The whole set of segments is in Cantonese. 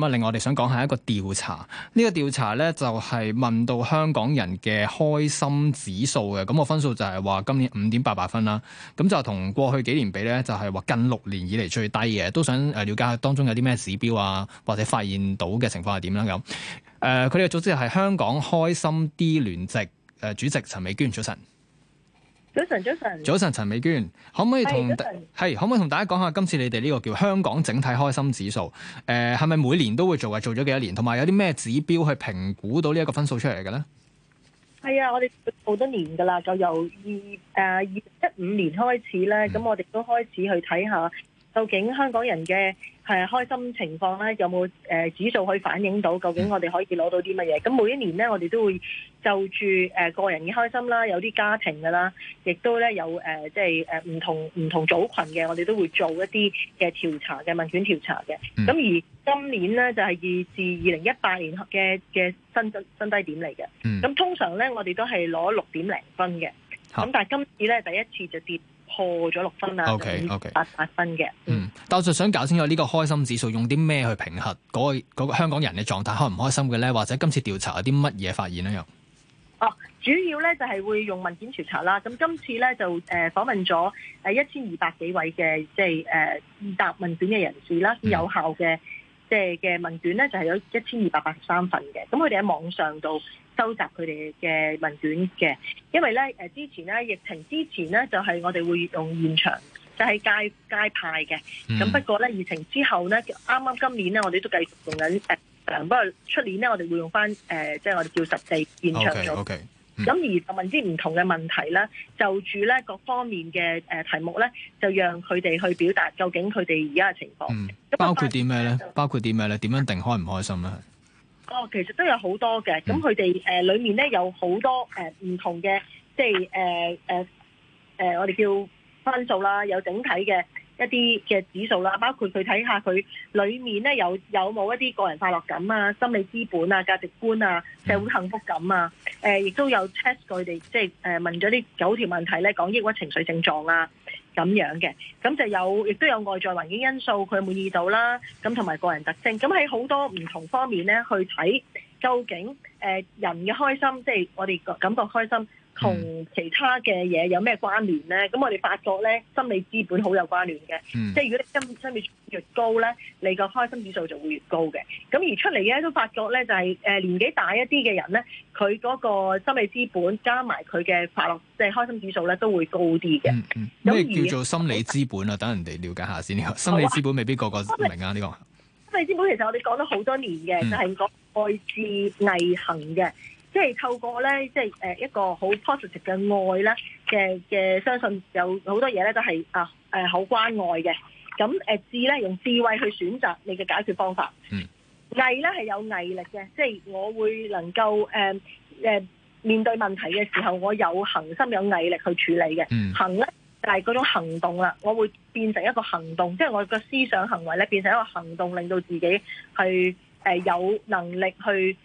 咁啊，另外我哋想講係一個調查，呢、這個調查咧就係問到香港人嘅開心指數嘅，咁、那個分數就係話今年五點八八分啦，咁就同過去幾年比咧就係話近六年以嚟最低嘅，都想誒了解下當中有啲咩指標啊，或者發現到嘅情況係點啦咁。誒、呃，佢哋嘅組織係香港開心 D 聯席誒、呃、主席陳美娟早晨。早晨，早晨。早晨，陳美娟，可唔可以同係可唔可以同大家講下今次你哋呢個叫香港整體開心指數，呃，係咪每年都會做？啊，做咗幾多年？同埋有啲咩指標去評估到呢一個分數出嚟嘅咧？係啊，我哋好多年噶啦，就由二誒，二一五年開始咧，咁、嗯、我哋都開始去睇下。究竟香港人嘅係、啊、開心情況咧，有冇誒指數可以反映到？究竟我哋可以攞到啲乜嘢？咁每一年咧，我哋都會就住誒、呃、個人嘅開心些的啦，有啲家庭嘅啦，亦都咧有誒即係誒唔同唔同組群嘅，我哋都會做一啲嘅調查嘅問卷調查嘅。咁、嗯、而今年咧就係、是、二至二零一八年嘅嘅新新低點嚟嘅。咁、嗯嗯、通常咧，我哋都係攞六點零分嘅。咁但係今次咧第一次就跌。破咗六分啦，八八 Okay, okay. 分嘅。嗯，但我就想搞清楚呢、這個開心指數用啲咩去評核嗰個香港人嘅狀態開唔開心嘅咧？或者今次調查有啲乜嘢發現咧？又哦，主要咧就係會用問卷、呃問, 1，就是呃、問卷調查啦。咁今次咧就誒訪問咗誒一千二百幾位嘅即係誒答問卷嘅人士啦，有效嘅即係嘅問卷咧就係有一千二百八十三份嘅。咁佢哋喺網上度。收集佢哋嘅問卷嘅，因為咧誒之前咧疫情之前咧就係、是、我哋會用現場，就係、是、街街派嘅。咁、嗯、不過咧疫情之後咧，啱啱今年咧我哋都繼續用緊。誒、呃，不過出年咧我哋會用翻誒、呃，即係我哋叫實地現場。咁 Okay, okay, 而問啲唔同嘅問題咧，就住咧各方面嘅誒題目咧，就讓佢哋去表達究竟佢哋而家嘅情況。包括啲咩咧？包括啲咩咧？點樣定開唔開心咧？哦，其實都有好多嘅，咁佢哋誒裡面咧有好多誒唔、呃、同嘅，即係誒誒誒我哋叫分數啦，有整體嘅一啲嘅指數啦，包括佢睇下佢裡面咧有有冇一啲個人快樂感啊、心理資本啊、價值觀啊、社會幸福感啊，誒、呃、亦都有 test 佢哋，即係誒、呃、問咗啲九條問題咧講抑鬱情緒症狀啊。咁樣嘅，咁就有亦都有外在環境因素佢滿意到啦，咁同埋個人特性，咁喺好多唔同方面咧去睇究竟，誒、呃、人嘅開心，即係我哋感覺開心。同、嗯、其他嘅嘢有咩關聯咧？咁我哋發覺咧，心理資本好有關聯嘅，嗯、即係如果你心心理資本越高咧，你個開心指數就會越高嘅。咁而出嚟咧都發覺咧，就係、是、誒年紀大一啲嘅人咧，佢嗰個心理資本加埋佢嘅快樂即係、就是、開心指數咧，都會高啲嘅。咩、嗯嗯、叫做心理資本啊？等人哋了解一下先。心理資本未必個個明啊？呢、嗯這個心理，心理資本其實我哋講咗好多年嘅，就係講愛、志、毅、行嘅。即係透過咧，即係誒一個好 positive 嘅愛咧嘅嘅，相信有好多嘢咧都係啊誒好關愛嘅。咁誒智咧，用智慧去選擇你嘅解決方法。嗯，毅咧係有毅力嘅，即係我會能夠誒誒面對問題嘅時候，我有恆心，有毅力去處理嘅。嗯，行咧就係種行動啦，我會變成一個行動，即係我個思想行為咧變成一個行動，令到自己去誒、呃、有能力去。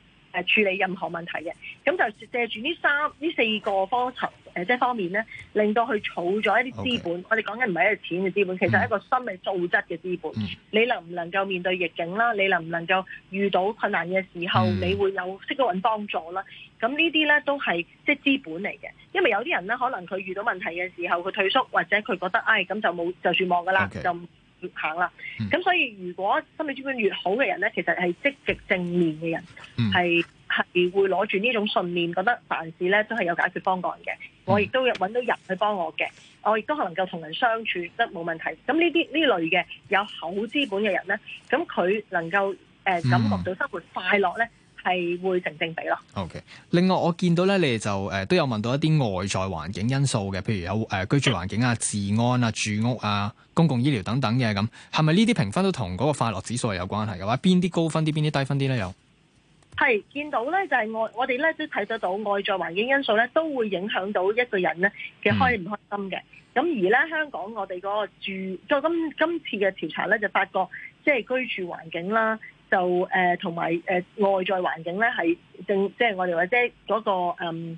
誒處理任何問題嘅，咁就借住呢三呢四個方層誒、呃，即係方面咧，令到佢儲咗一啲資本。Okay. 我哋講緊唔係一個錢嘅資本，其實係一個心理素質嘅資本、mm. 你能唔能。你能唔能夠面對逆境啦？你能唔能夠遇到困難嘅時候，mm. 你會有識得揾幫助啦？咁呢啲咧都係即係資本嚟嘅，因為有啲人咧，可能佢遇到問題嘅時候，佢退縮，或者佢覺得唉咁、哎、就冇就算望㗎喇，Okay. 就。越行啦，咁所以如果心理資本越好嘅人咧，其實係積極正面嘅人，係係、嗯、會攞住呢種信念，覺得凡事咧都係有解決方案嘅。我亦都有揾到人去幫我嘅，我亦都係能夠同人相處得冇問題。咁呢啲呢類嘅有好資本嘅人咧，咁佢能夠誒感覺到生活快樂咧。嗯係會成正比咯。OK，另外我見到咧，你哋就誒、呃、都有問到一啲外在環境因素嘅，譬如有誒、呃、居住環境啊、治安啊、住屋啊、公共醫療等等嘅咁，係咪呢啲評分都同嗰個快樂指數係有關係嘅話？邊啲高分啲，邊啲低分啲咧？有係見到咧，就係、是、外我哋咧都睇得到外在環境因素咧都會影響到一個人咧嘅開唔開心嘅。咁、嗯、而咧香港我哋嗰個住即係今今次嘅調查咧就發覺，即係居住環境啦。就誒誒同埋外在環境咧，係正，即係我哋或者嗰個誒呢、嗯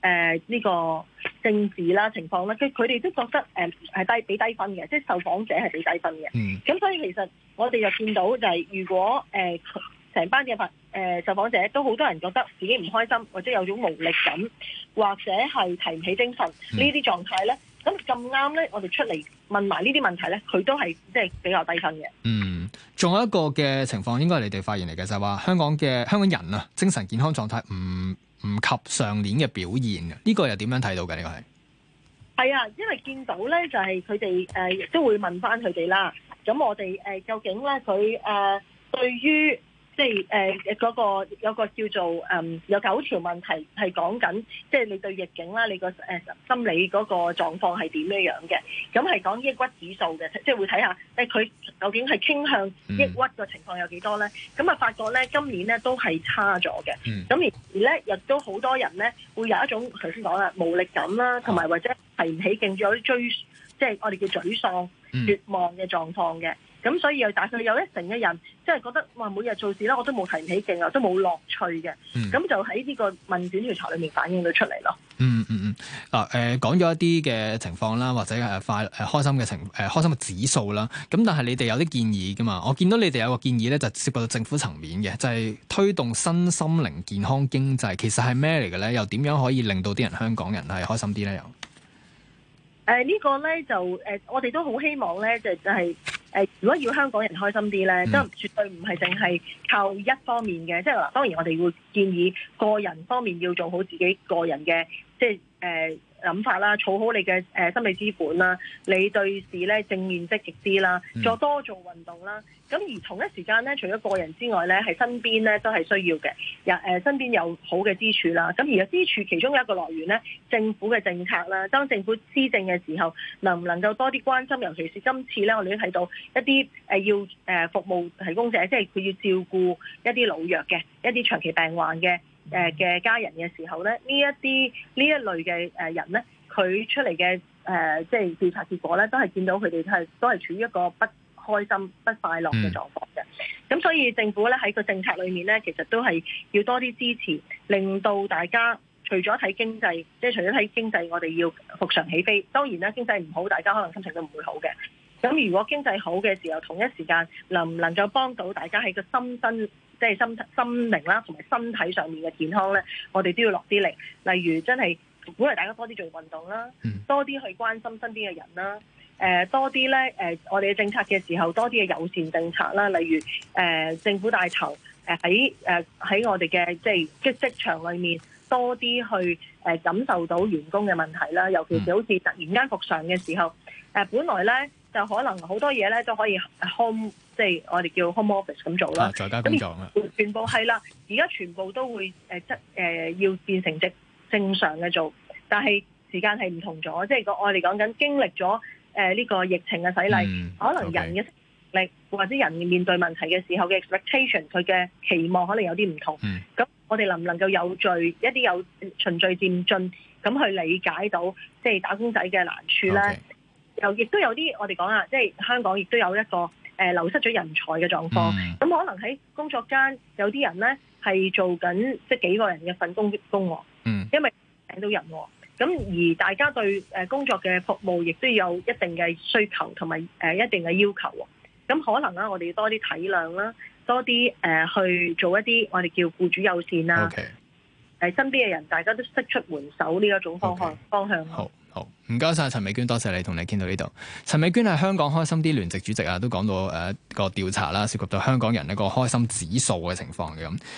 呃呢個政治啦情況啦，佢佢哋都覺得誒係、嗯、低比低分嘅，即係受訪者係比低分嘅。咁、嗯、所以其實我哋就見到就係、是、如果誒成、呃、班嘅、呃、受訪者都好多人覺得自己唔開心，或者有種無力感，或者係提唔起精神呢啲、嗯、狀態咧，咁咁啱咧，我哋出嚟問埋呢啲問題咧，佢都係即係比較低分嘅。嗯。仲有一個嘅情況，應該係你哋發現嚟嘅，就係話香港嘅香港人啊，精神健康狀態唔唔及上年嘅表現。呢個又點樣睇到嘅？呢個係係啊，因為見到咧就係佢哋誒亦都會問翻佢哋啦。咁我哋誒究竟咧佢誒對於即係誒誒嗰個有個叫做誒、嗯、有九條問題係講緊，即係你對逆境啦，你個誒、呃、心理嗰個狀況係點樣嘅？咁係講抑鬱指數嘅，即係會睇下誒佢、呃、究竟係傾向抑鬱嘅情況有幾多咧？咁啊、嗯、發覺咧今年咧都係差咗嘅。咁、嗯、而而咧亦都好多人咧會有一種頭先講啦無力感啦，同埋、啊、或者提唔起勁，有啲追，即係我哋叫沮喪、嗯、絕望嘅狀況嘅。咁所以又大概有一成嘅人，即、就、係、是、覺得話，每日做事啦，我都冇提起勁啊，都冇樂趣嘅。咁、嗯、就喺呢個問卷調查裏面反映到出嚟咯、嗯。嗯嗯嗯，啊誒、呃，講咗一啲嘅情況啦，或者誒快誒、呃、開心嘅情誒、呃、開心嘅指數啦。咁但係你哋有啲建議噶嘛？我見到你哋有個建議咧，就涉、是、及到政府層面嘅，就係、是、推動身心靈健康經濟。其實係咩嚟嘅咧？又點樣可以令到啲人香港人係開心啲咧？又誒、呃這個、呢個咧就誒、呃，我哋都好希望咧，就就係。誒，如果要香港人開心啲咧，真係絕對唔係淨係靠一方面嘅。即係嗱，當然我哋會建議個人方面要做好自己個人嘅，即係誒諗法啦，儲好你嘅誒心理資本啦，你對市咧正面積極啲啦，再多做運動啦。咁而同一時間咧，除咗個人之外咧，係身邊咧都係需要嘅。有誒身邊有好嘅支柱啦。咁而個支柱其中一個來源咧，政府嘅政策啦。當政府施政嘅時候，能唔能夠多啲關心？尤其是今次咧，我哋都睇到一啲誒要誒服務提供者，即係佢要照顧一啲老弱嘅一啲長期病患嘅。誒嘅家人嘅時候咧，呢一啲呢一類嘅誒人咧，佢出嚟嘅誒，即係調查結果咧，都係見到佢哋係都係處於一個不開心、不快樂嘅狀況嘅。咁所以政府咧喺個政策裏面咧，其實都係要多啲支持，令到大家除咗睇經濟，即係除咗睇經濟，我哋要復常起飛。當然啦，經濟唔好，大家可能心情都唔會好嘅。咁如果經濟好嘅時候，同一時間能唔能夠幫到大家喺個心身，即係心心靈啦，同埋身體上面嘅健康咧，我哋都要落啲力。例如真係鼓勵大家多啲做運動啦，多啲去關心身邊嘅人啦、呃。多啲咧、呃、我哋嘅政策嘅時候，多啲嘅友善政策啦。例如、呃、政府帶頭喺喺我哋嘅即係即職場裏面多啲去、呃、感受到員工嘅問題啦。尤其是好似突然間復常嘅時候，呃、本來咧。就可能好多嘢咧都可以 home，即係我哋叫 home office 咁做啦。啊，在家工作啦。全部係啦，而家全部都會誒，即誒要變成正正常嘅做，但係時間係唔同咗。即係我哋講緊經歷咗誒呢個疫情嘅洗禮，嗯、可能人嘅力就 okay. 或者人面對問題嘅時候嘅 expectation，佢嘅期望可能有啲唔同。咁、嗯、我哋能唔能夠有序一啲有循序漸進咁去理解到，即係打工仔嘅難處咧？Okay. 又亦都有啲，我哋講啦即係香港亦都有一個、呃、流失咗人才嘅狀況。咁、嗯、可能喺工作間有啲人咧係做緊即係幾個人嘅份工工喎。嗯。因為請到人喎、呃。咁而大家對工作嘅服務亦都有一定嘅需求同埋、呃、一定嘅要求喎。咁可能咧、啊，我哋要多啲體諒啦，多啲、呃、去做一啲我哋叫僱主友善啦、啊。O K。身邊嘅人，大家都識出援手呢一種方向 Okay. 方向好，唔該晒，陳美娟，多謝你同你哋傾到呢度。陳美娟係香港開心啲聯席主席啊，都講到誒個調查啦，涉及到香港人一個開心指數嘅情況嘅咁。